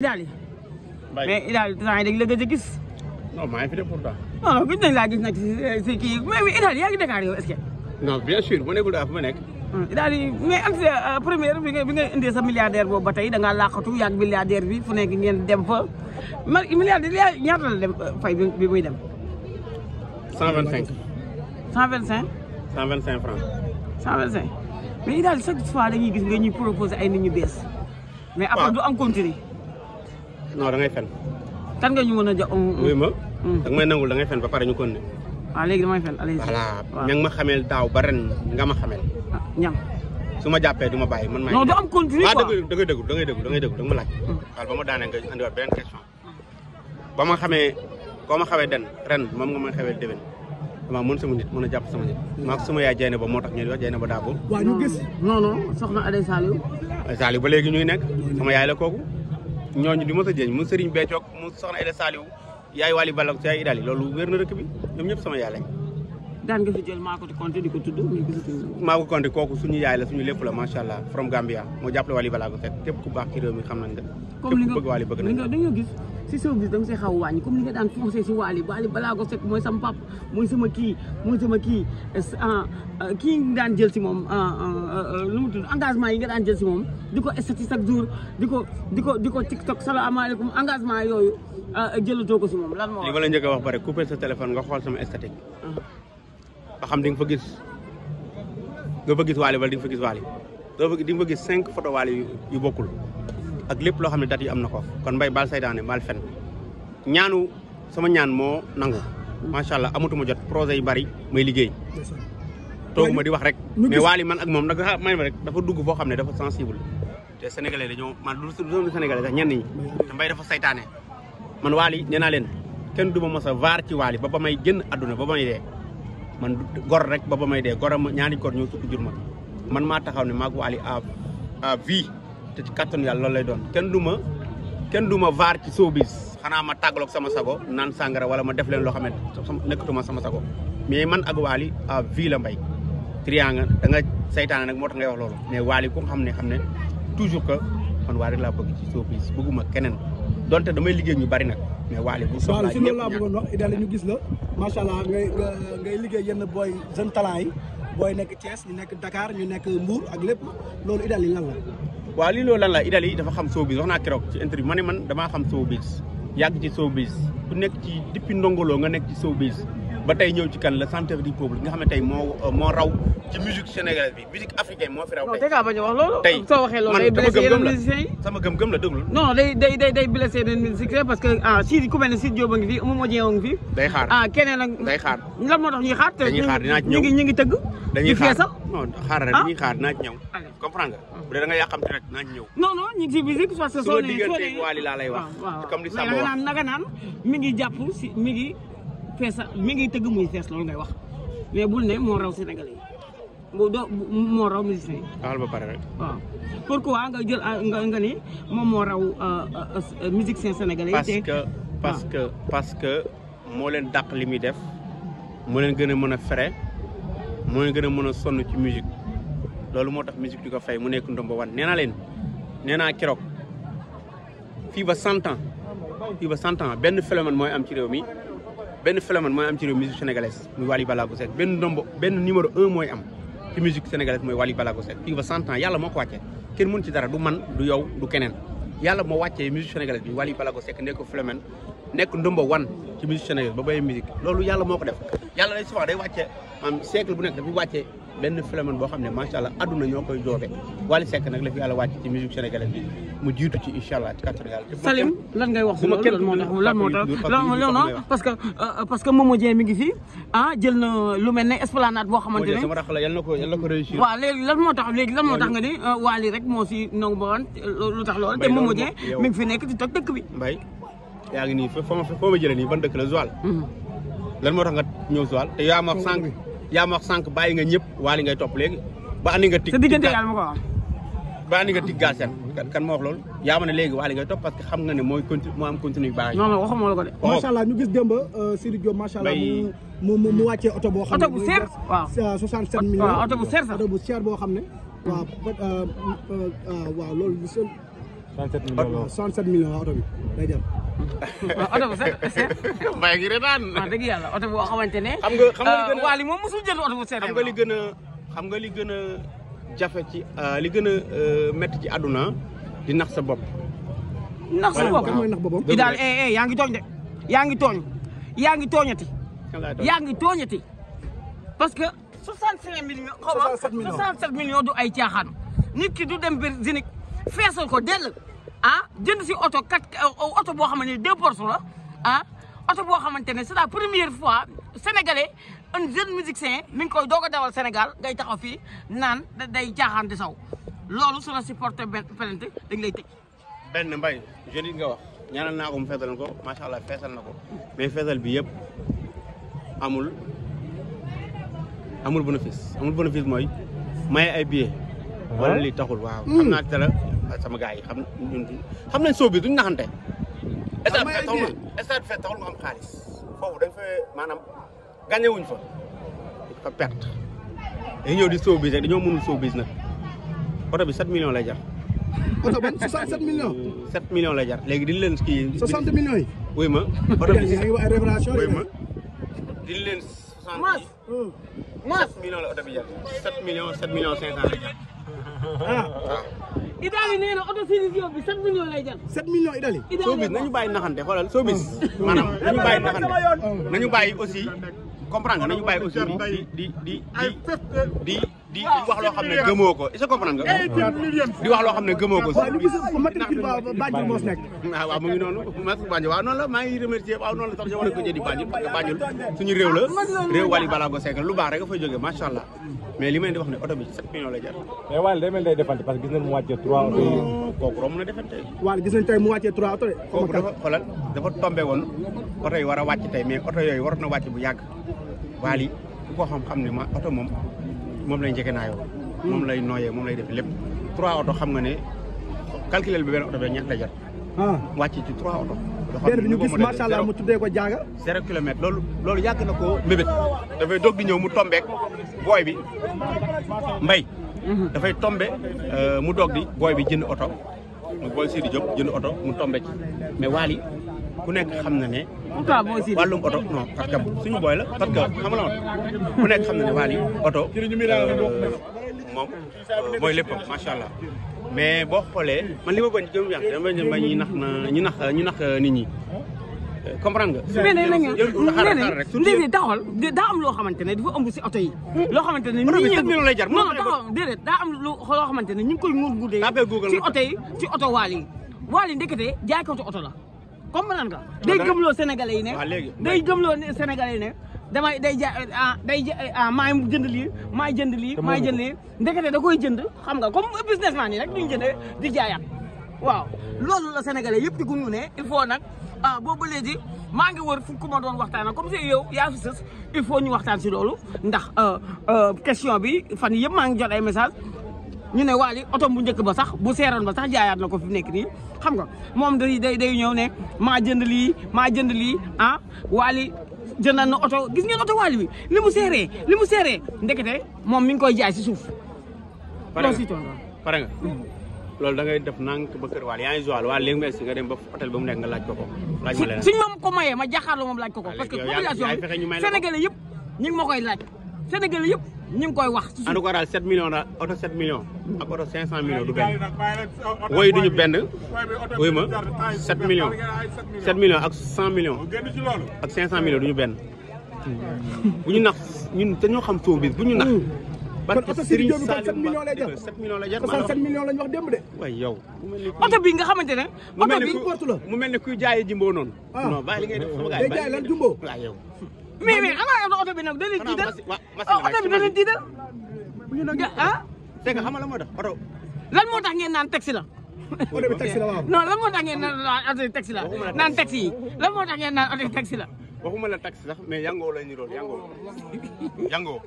daal mais Idaly temps yi dañ la gëj a gis. non maa ngi fi de pourtant. non gis nañ laa gis nag si kii mais Idaly yaa ngi Dakar yow est-ce que. non bien sûr bu nekkul daal fu ma nekk. Hmm, Idaly mais am sa euh, première bi nga bi nga indee sa milliardaire boobu ba tey da ngaa laqatu yaag milliardaire bi fu nekk ngeen dem fa ma milliardaire ñaata dem euh, fay bi muy dem. 125. 125. 125 francs. 125 dañuy gis nga ñuy proposé ay nit ñu bees. mais après du am non da ngay fen kan nga ñu mën a ja oui ma da may nangul da ngay fen ba pare ñu kon ne ah léegi damay fen allez voilà ñang ma xamel daaw ba ren nga ma xamel ñam suma jappé duma bayyi man may non do am continue quoi ah da ngay deggu da ngay deggu da ngay deggu da nga ma laaj xal bama daane nga andi wat benen question bama xamé ko ma xawé den ren mom nga ma xawé dewen hmm. ya, dama hmm. eh, mën hmm. sama nit mën a jàpp sama nit maak sama yaay jeyne ba moo tax ñu wax jeyne ba daa boobu waaw ñu gis non non soxna Adé Saliou Saliou ba léegi ñuy nekk sama yaay la kooku ñooñu di Moussa Dieng mu Serigne Béthio mu Soxna Aïda Saliou yaay Wali Ballago yaay Idali loolu wér na dëkk bi ñoom ñëpp sama yaay daan nga fi jël maa ko di compté di ko tudd mais gisatuñu. kooku suñu yaay la suñu lépp la macha allah from Gambia moo jàppale Wally Ballago Seck képp ku baax ci réew xam nañ nga a wàññi daan jël si moom ah, ah, ah, lu mu tudd engagement yi nga daan jël si moom di ko estati chaque jour di ko di ko di ko tiktok salaamaaleykum engagement yooyu jëlatoo ko si moom lan li ma la njëkk a wax bare couper sa téléphone nga xool sama esthétique nga xam di nga fa gis nga fa gis wali wala di nga fa gis waali doo di nga gis cinq photo waali yu bokkul ak lépp loo xam ne yi am ko kon mbay baal saytaane baal fen ñaanu sama ñaan moo nang, macha allah amatuma jot projet yu bari may liggéey tooguma di wax rek mais waali man ak moom nag ah, may ma rek dafa dugg foo xam ne dafa sensible te sénégalais dañoo man lu lu sénégalais sax ñenn ñi te mbay dafa saytaane man wali nee naa leen kenn du ma mos ci ba may génn ba may dee man gor rek ba ba may dee gor ma ñaari gor ñoo tukk jur ma man maa taxaw ne maag Wally à a vie te ci kàttanu yàlla loolu lay doon kenn du ma kenn du ma vaar ci showbiz xanaa ma tàggaloog sama sago naan sangara wala ma def leen loo xam ne nekkatuma sama sago mais man ak Wally à vie la mbay triangle da nga saytaane nag moo tax ngay wax loolu mais Wally ku xam ne xam ne toujours que man waa rek laa bëgg ci showbiz bëgguma keneen donte damay liggéey ñu bari nag mais Waly bu soxlaa ñëpp waaw si loolu laa bëggoon wax Idda ñu gis la macha allah ngay liggéey yenn booy jeune talent yi booy nekk tees ñu nekk Dakar ñu nekk Mbour ak lépp loolu Idda lan la. waaw lii loolu lan la Idda dafa xam showbiz wax naa keroog ci interview ma ne man damaa xam showbiz yàgg ci showbiz bu nekk ci depuis ndongoloo nga nekk ci showbiz ba tey ñëw ci kan la centre du peuple nga xam ne tey moo raw ci musique sénégalaise bi musique africaine moo fi raw. tey a wax loolu. soo waxee loolu sama gëm la déglu. non day blessé yeneen musiciens parce que ah si ku mel a ngi fi Momo Dieng a ngi fi. day xaar ah keneen day xaar lan moo tax ñuy xaar. dañuy xaar dinaa ci ñëw soo nee soo nee. waaw waaw mais nag nag naan mi ngi jàpp mi ngi a mi ngi tëgg muy fees loolu ngay wax mais bul ne moo raw Sénégalais yi bu doo moo raw musiciens yi. waxal ba pare rek. waaw pourquoi nga parce que parce que moo leen dàq li muy def moo leen gën a mën a fere moo leen gën a mën a sonn ci musique loolu moo tax musique di ko fay mu nekk ndomba wan nee naa leen nee naa keroog fii ba cent ans ba cent benn phénomène mooy am ci réew mi. benn phénomène mooy am ci réew musique sénégalaise muy Wally Ballago Seck benn ndombo benn numéro un mooy am ci musique sénégalaise mooy Wally Ballago Seck fii ba cent moo ko wàccee kenn mën ci dara du man du yow du keneen yàlla moo wàccee musique sénégalaise bi Wally Ballago nekk phénomène nekk ndombo wan ci musique sénégalaise ba béyee musique loolu yàlla moo ko def yàlla day souvent day wàccee maanaam bu nekk dafay wàccee benn phénomène boo xam ne macha allah àdduna ñoo koy joobe Wally Seck nag la fi yàlla wàcc ci musique sénégalaise mu jiitu ci incha allah ci kàttanu yàlla. Salim lan ngay wax si loolu lan moo tax lan moo tax lan non parce que euh, parce que Momo mi ngi fi ah jël na lu mel ne esplanade boo xamante ne. sama rax la yal na ko yal na ko réussir. waaw léegi lan moo tax léegi lan moo tax nga ni euh, Wally rek moo si nangu ba woon lu tax loolu te Momo nekk di dëkk bi. Mbaye yaa ngi nii fa ma fa ma nii ban mhm. lan moo tax nga ñëw Joal te yaa ma yaa ma wax sànq bàyyi nga ñëpp waali ngay topp léegi ba andi nga. tig sa diggante yàlla ma ko wax. nga tig kan ma wax loolu léegi waali ngay topp parce que xam nga ne mooy continu moo am continue baax non non waxuma la ko de. Oh. gis démb euh, Sidi Diop macha allah mu mu oto boo. xam ne oto bu seer euh, waaw oto boo xam ne. waaw euh, waaw loolu. 67 millions 67 millions oto bi day dem. waaw oto bu set set. mbay gi retaan. waaw dëgg yàlla oto boo xamante ne. xam nga xam nga li gën a euh, Wally moom mosul jënd oto bu set. xam nga li gën a jafe ci li gën a euh, euh, métti ci àdduna di nax sa bopp. nax sa bopp mooy daal eh eh yaa ngi tooñ de yaa ngi tooñ yaa ngi tooñati. yaa ngi tooñati parce que. 65 millions xaw du ay caaxaan nit du dem biir feesal ko dell. ah jënd si oto quatre euh, oto boo xamante ne deux portes la ah oto boo xamante ne c'est la première fois sénégalais un jeune musicien mi ngi koy doog a daawal Sénégal gay taxaw fii naan day jaaxaan di saw loolu su la supporté benn plainte dañ lay tëj. benn mbay jeune nga wax ñaanal naa ko mu feesal ko macha allah feesal na ko mais feesal bi yëpp amul amul bénéfice amul bénéfice mooy mais ay billets. Ah. wala li taxul waaw xam naa dara. sama gars yi xam ñun xam nañ soo bi duñ naxante. xam nga stade fekk taxul nga xaalis foofu dañ fa maanaam gagné wuñ fa fa perte. dañ ñoo di soo bis rek dañoo mënul soo bis nag oto bi 7 millions lay jar. oto ban 67 millions. 7 millions lay jar léegi di leen kii. 60 millions yi. wuy ma oto bi wuy ma di leen. 60 mas mas 7 millions la oto bi jar million millions 7 millions 500 lay jar. Ah. Idali nee na autosuffisance bi 7 millions lay jar. 7 millions Idali. Showbiz nañu bàyyi naxante xoolal Showbiz. Oh. maanaam nañu bàyyi naxante nañu bàyyi aussi comprendre nga nañu bàyyi aussi di di di di di. di wax loo xam ne gëmoo ko est-ce que eh, loo xam ne gëmoo ko. waaw li gis nga Mati Banjul moo si nekk. ah la maa ngi remercier waaw noonu la sax wala ko jëndi Banjul parce lu baax rek a fay jógee macha allah mais li may di wax ne oto bi 7 millions lay jar. mais Wally day mel day defante parce que gis mu wàccee 3 oto yi. kooku romb na defante. Wally mu wàccee 3 oto de. kooku dafa xoolal dafa tombé woon oto war a wàcc tey mais oto yooyu waroon na wàcc bu yàgg Wally ku ko xam ne ma oto moom moom lay njëkk naayoo. moom lay nooyee moom lay def lépp. trois oto xam nga ne calculel bi benn oto bi ñaata la ah. jar. wàcc ci trois oto. benn ñu gis macha mu tuddee ko jaaga. zéro kilomètre loolu loolu yàgg na koo mbébét. dafay doog di ñëw mu tombeek booy bi mbay. Mhm. dafay tombe euh, mu doog di booy bi jënd oto. mu booy oto mu tombe ci mais Wally ku nekk xam na ne. wàllum oto non parce que suñu booy la parce que xam nga ku nekk xam na ne Wally oto euh, moom euh, mooy léppam macha allah mais boo xoolee man li ma bañ gëm yàq dama bañ ba ñuy nax na ñu nax ñu nax euh, nit ñi comprendre nga. mais nee nañu déedéet taxawal daa am ne dafa ëmb si oto yi. loo xamante ne ñu ngi lay jar non taxawal déedéet daa ne ñu ngi koy nguur guddee. ci oto yi oto Wally yi Wally ndekete jaaykatu oto la. comme comprendre nga day gëmloo sénégalais yi ne day gëmloo sénégalais yi ne damay day ja ah, day ja ah, maay jënd lii maay jënd lii maay jënd lii ndekete da koy jënd xam nga comme businessman yi rek duñ jënd di jaayaat waaw loolu la sénégalais yëpp di gungu ne il faut nag ah, boobu léegi maa ngi wër fu ku ma doon waxtaan comme si yow yaa fi il faut ñu waxtaan si loolu ndax euh, euh, question bi fan yëpp maa ngi jolay ay message ñu ne Wally oto bu njëkk ba sax bu seeroon ba sax jaayaat na ko fi mu nekk nii xam nga moom day day day ñëw ne maa jënd lii maa jënd lii ah Wally an na oto gis ngeen oto Wally bi li mu seeree li mu seeree ndekete moom mi ngi koy jaay si suuf. pare nga pare nga. loolu da ngay def nànk ba kër Wally yaa ngi mu egsi nga dem ko ko. ma leneen suñ moom laaj ko ko. Ah, parce que population bi yëpp ñu ngi ma koy laaj Sénégalais yëpp ñu ngi koy wax. en tout cas daal 7 millions la oto 7 millions. ak oto set millions du benn. woy duñu benn. woy ma 7 millions. 7 millions ak 100 millions. ak 500 benn. bu ñu nax ñun dañoo xam soo bis bu ñu nax. parce mm. que Serigne Saliou Mbacké lay jar 7 millions lay jar. 7 millions wax démb de. waay yow. oto bi nga xamante ne. oto bi porte mu mel ni kuy jaay jimbo noonu. ba ah. bàyyi li ngay yow. mais mais xanaa oto bi nag dañuy tiital oto bi dañuy tiital ah. c'est que xam nga lan moo tax oto. lan moo tax ngeen naan taxi la. oto bi taxi la waaw. non lan moo tax ngeen naan oto bi taxi la naan taxi yi lan moo tax ngeen naan oto bi taxi la. waxuma la mais yangoo la ñu doon yangoo yangoo.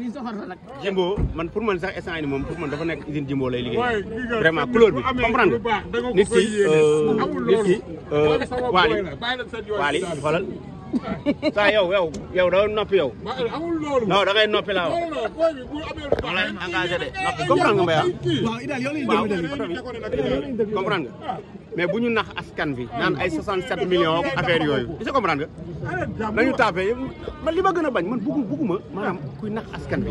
lii soxor la jimbo man pour man sax instant yii moom pour man dafa nekk usine jimbo lay liggéey vraiment couleur bi comprendre nga nit ki euh, nit waali euh, waali saa yow yow yow da noppi yow. non da ngay noppi laa wax. da ngay engagé nga Mbaye mais bu ñu nax askan bi naan ay 67 million affaire yooyu est-ce comprendre nga. nañu tapé man li ma gën a bañ man bëggu bëggu ma am kuy nax askan bi.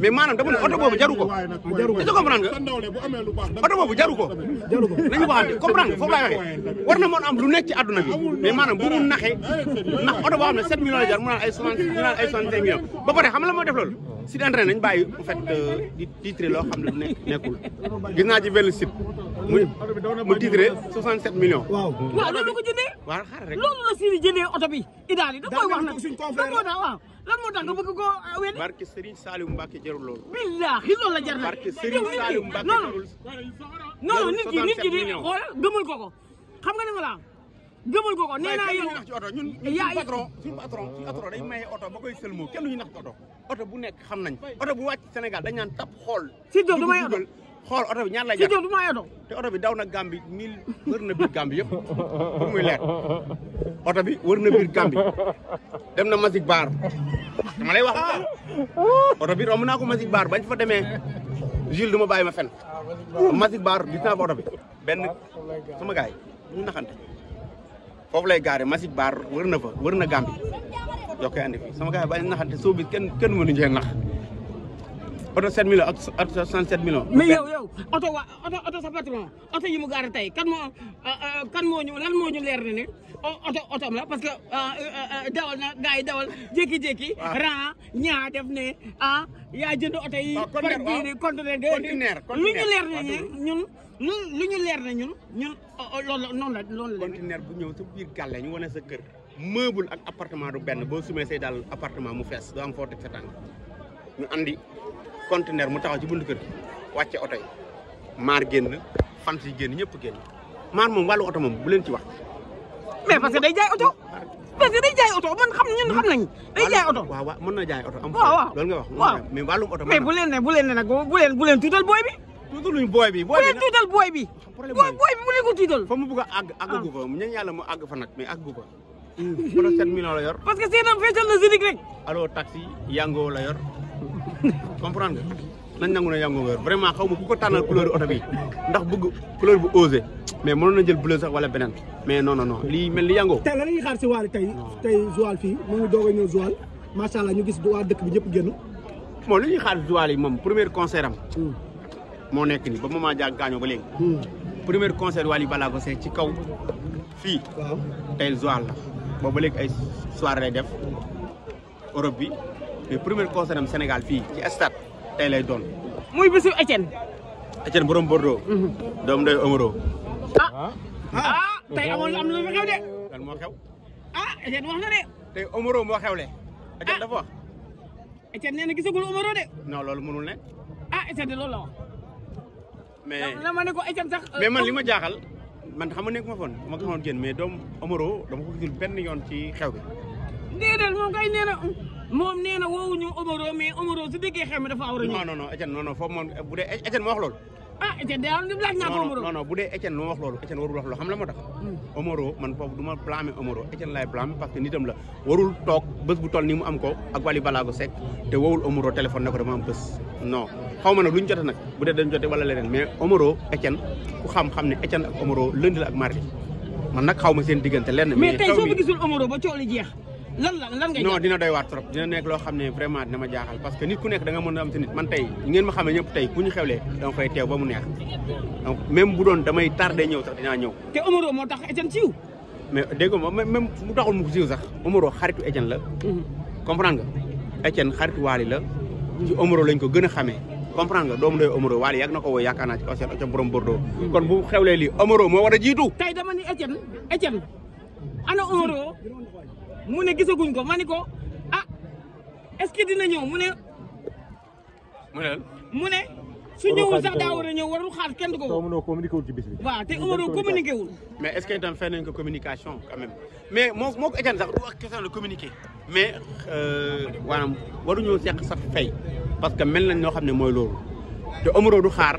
mais maanaam dama ne oto boobu jaru ko est-ce que comprendre nga nañu waxante comprendre nga foofu laay waxee war na mën am lu nekk ci àdduna bi mais bu mu naxee ndax oto boo xam ne 7 millions la jar mu naan ay 60 mu naan ay xam la moo def loolu site internet nañ bàyyi en fait euh, di loo xam ne nekkul gis naa ci benn mu mu titré 67 millions. waaw waaw loolu la ko jëndee. rek loolu la si jëndee oto bi. Idaali da koy wax nag lan moo tax a bëgg ko ah, weddi. barke Serigne Saliou Mbacke jarul loolu. billaahi loolu la jar na. barke Serigne Saliou Mbacke jarul non non nit ki nit ki di xoolal gëmul ko ko xam nga dama la gëmul ko ko nee na yow waaye oto ñun suñu patron suñu patron suñu patron day maye oto ba koy sëlmoo kenn du ñu nax ci oto. bu nekk xam nañ oto bu wàcc senegal dañ naan tap xool. si doo du may xool oto bi ñaar lay jar te oto bi daw na Gàmbi mil wër na biir Gàmbi yëpp pour muy leer oto bi wër na biir Gàmbi dem na Masig Baar dama lay wax oto bi romb naa ko Masig Baar bañ fa demee Jules du ma bàyyi ma fen Masig Baar gis oto bi benn sama gars yi ñu naxante foofu lay gaare Masig Baar wër na fa wër na Gàmbi yokkee andi fi sama gars yi naxante soo kenn kenn mënuñu cee nax oto 7 millions ak oto 67 millions. mais yow yow oto waa oto oto sa patron oto yi mu gaara tey kan moo euh, euh, kan moo ñu lan moo ñu leer ne ne oto oto la parce que euh, dawal na gars yi dawal jékki-jékki. waaw ah. ran ñaa def ne ah yaa jënd oto yi. Ah, waaw conteneur waaw conteneur lu ñu leer ne ñun. ñun lu ñu leer ne ñun ñun loolu noonu la loolu la. conteneur bu ñëw sa biir gàlle ñu wane sa kër. meuble ak appartement du benn boo sumee say daal appartement mu fees doo am foo teg sa tànk ñu andi. conteneur mu taxaw ci buntu kër waccé auto yi mar génn fan ci génn ñepp génn mar mom walu auto mom bu len ci wax. mais parce que day jaay auto parce que day jaay auto man xam ñun xam nañ day jaay auto waaw waaw mën na jaay auto am lool nga wax mais walu auto mais bu len ne bu len ne nak bu len bu len tutal boy bi tutal tuutaluñ boy bi boy bi tutal boy bi boy booy bi mu ne ko tutal fa mu bëgg ag ag ah. gu ko ñan yalla mu ag fa nak mais ag gu ko la 7 millions la yor parce que seenam feetal na zirik rek allo taxi yango la yor comprendre nga nañ nangu ne Yango Ngor vraiment xaw ma ku ko tànnal couleur oto bi ndax bëgg couleur bu osé mais mënoon na jël bleu sax wala beneen mais non non non lii mel ni Yango. tey lan la ñuy xaar si Wally tey tey Joal fii mu ngi doog Joal macha allah ñu gis waa dëkk bi ñëpp génn. bon li ñuy xaar si moom premier concert am. Hmm. moo nekk ni ba moment jaag gaañoo ba léegi. Hmm. premier concert Wally Ballago Seck ci kaw fii. waaw tey Joal la ba léegi ay soirée def Europe bi. mais premier concert am Sénégal fii ci stade tey lay doon. muy bisu Etienne. Etienne borom Bordeaux. Mhm. doom day Omaro. ah ah tey amoon am na lu xew de. lan moo xew. le ah, Etienne wax na wax. Ah, Etienne nee na gisagul Omaro de. non loolu mënul ne. a ah, Etienne de loolu la wax. mais la ma ne ko Etienne sax. Euh, mais man li ma jaaxal man xam ma nekk ma foon ma ko xamoon génn mais doom omoro dama ko gisul benn yoon ci xew bi. déedéet moom kay nee moom nee na woowuñu Omaro mais Omaro su déggee xam dafa awra ñëw. non non non Etienne moom bu dee Etienne moo wax loolu. ah Etienne day am laaj naa ko Omaro. non non bu dee Etienne moo wax loolu Etienne la moo tax. Hmm. Omaro man foofu du ma nitam la warul toog bés bu toll nii mu am ko ak Wally Ballago Seck te wowul Omaro téléphone ne ko dama am bés. xaw ma nag lu ñu jotee nag bu dee dañ jotee wala leneen mais Omaro Etienne ku xam-xam ne Etienne ak Omaro lundi la ak mardi man nag xaw ma seen diggante lenn. mais tey soo fi gisul ba coow li jeex lan lan lan ngay non dina doy waar trop dina nekk loo xam ne vraiment dina ma jaaxal parce que nit ku nekk da mën a am si nit man tey ngeen ma xam ñëpp tey ku ñu xewlee danga koy teew ba mu neex donc même bu doon damay tardé ñëw sax dinaa ñëw te Omaro moo tax Etienne siiw mais dégg nga même mu taxul mu siiw sax Omaro xaritu Etienne la mhm. comprendre nga xaritu Wally la ci Omaro lañ ko gën a xamee comprendre nga doomu doy Omaro Wally yàgg na ko woo yaakaar naa ci océan océan borom Bordeaux mhm. kon bu mu ne gisaguñ ko ma ni ko ah est-ce que dina ñëw mu ne. mu ne. mu ne su ñëwul sax daa war a ñëw warul xaar kenn du ko. mënoo communiqué wul ci bis bi. waaw te Omaro communiqué wul. mais est-ce que itam fay nañ ko communication quand mais moo moo ko écaan sax du ak question de communiquer. mais maanaam euh, waruñoo seq sax fay parce que mel nañ ñoo xam ne mooy loolu te Omaro du xaar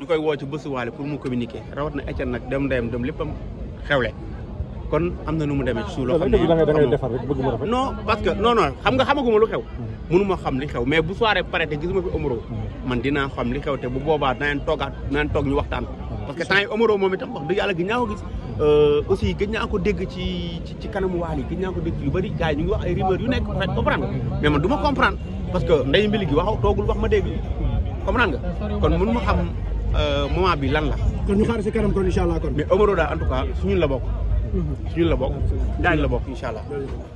du koy woo ci bésuwaale pour mu communiquer rawat na écaan nag dem ndeyam dem léppam xewle. kon am na nu mu No, ci suuf loo xam ne non parce que non non xam nga xamaguma lu xew mm. mënuma xam li xew mais bu soirée pare te gisuma fi Omaro mm. man dinaa xam li xew te bu boobaa daneen togat daneen toog ñu waxtaan mm. parce que temps omoro Omaro moom itam wax dëgg yàlla gi ñaaw gis euh, aussi gëj naa ko dégg ci ci kanamu waal yi gëj naa ko dégg yu bëri gars yi ñu ngi wax ay rumeur yu nekk en comprendre mais man comprendre parce que ndey mbili gi wax wax ma dégg comprendre nga kon mënuma xam euh, moment bi lan la kon ñu xaar si kanam kon incha kon mais en tout cas suñu la bokk ชื่อระบบได้ระบบอินชาอัลลอฮ์